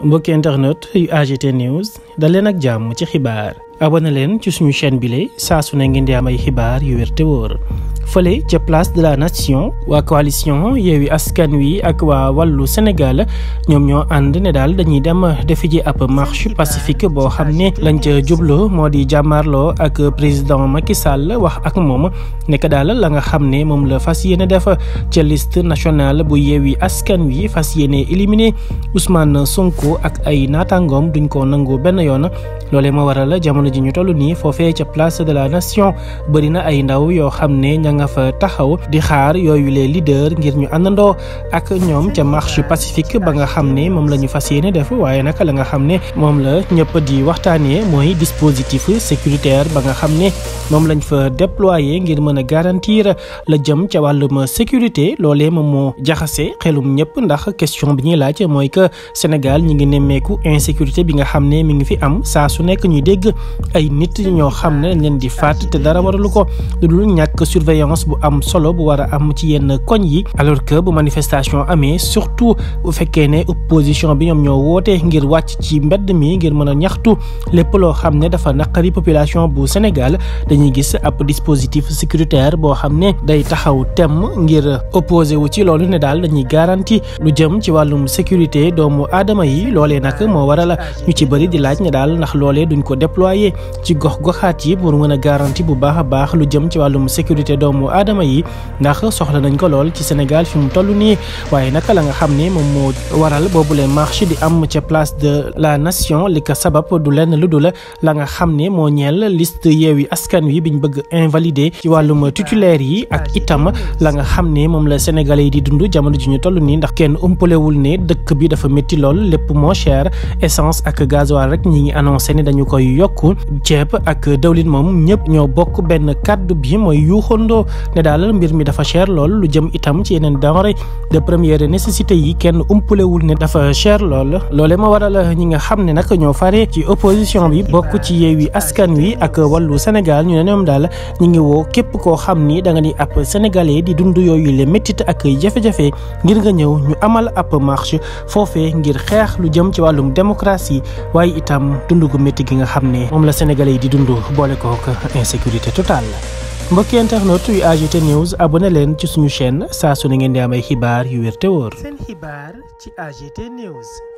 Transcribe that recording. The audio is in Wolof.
mbokki internet yu AGT news dal leen ak jàmm ci xibaar na leen ci suñu chaîne bile saa su ne ngeen di am ay xibaar yu wér te fële ca place de la nation waa coalition Yewwi Askan Wi ak waa wàllu Sénégal ñoom ñoo ànd ne daal dañuy dem defi ji ab marche pacifique boo xam ne lañ ca jublu moo di jàmmaarloo ak président Macky Sall wax ak moom nekk daal la nga xam ne moom la fas yéene def ca liste national bu Yewwi Askan Wi fas yéene éliminé Ousmane Sonko ak ay naataangoom duñ ko nangu benn yoon loole moo waral jamono ji ñu toll nii foofee ca place de la nation bëri na ay ndaw yoo nga fa taxaw di xaar yooyu les leaders ngir ñu àndandoo ak ñoom ca marche pacifique ba nga xam ne moom la ñu fas yéene def waaye nag la nga xam ne moom la ñëpp di waxtaanee mooy dispositif sécuritaire ba nga xam ne moom lañ fa déployé ngir mën a garantir la jëm ca wàllum sécurité loole moom moo jaxase xelum ñëpp ndax question bi ñuy laaj mooy que Sénégal ñi ngi nemmeeku insécurité bi nga xam ne mi ngi fi am saa su nekk ñuy dégg ay nit ñoo xam ne dañ leen di faat te dara waralu ko lu dul ñàkk surveillance surveillance bu am solo bu war a am ci yenn koñ yi alors que bu manifestation amee surtout bu fekkee ne opposition bi ñoom ñoo woote ngir wàcc ci mbedd mi ngir mën a ñaxtu lépp loo xam ne dafa naqari population bu Sénégal dañuy gis ab dispositif sécuritaire boo xam ne day taxaw tem ngir opposé wu ci loolu ne daal dañuy garanti lu jëm ci wàllum sécurité doomu aadama yi loole nag moo waral ñu ci bëri di laaj ne daal ndax loolee duñ ko déployer ci gox goxaat pour mën doomu aadama yi ndax soxla nañ ko lool ci Sénégal fi mu toll nii waaye naka la nga xam ne moom moo waral boobule marché bi am ca place de la nation li ko sabab du lenn lu dul la nga xam ne moo ñeel liste yeewi askan wi biñ bëgg invalider ci wàllum titulaire yi ak itam la nga xam ne moom la sénégalais yi di dund jamono ji ñu toll nii ndax kenn umpalewul ne dëkk bi dafa métti lool lépp moo cher essence ak gasoil rek ñi ngi annoncé ne dañu koy yokk ceeb ak dawlin moom ñëpp ñoo bokk benn kàddu bi mooy yuuxandoo ko ne daal mbir mi dafa cher lool lu jëm itam ci yeneen denrée de première nécessité yi kenn umpulewul ne dafa cher lool loole ma waral ñi nga xam ne nag ñoo fare ci opposition bi bokk ci yi Askan Wi ak Wallu Sénégal ñu ne ñoom daal ñu ngi woo képp koo xam ni da nga ni ab sénégalais di dund yooyu le métit ak jafe-jafe ngir nga ñëw ñu amal ab marche foofe ngir xeex lu jëm ci wàllum démocratie waaye itam dund gu métti gi nga xam ne moom la sénégalais yi di dund boole mbokki internet yu AGT news abonné leen ci suñu chaîne saa su ne ngeen di am ay xibaar yu wér te wóor. xibaar ci AGT news.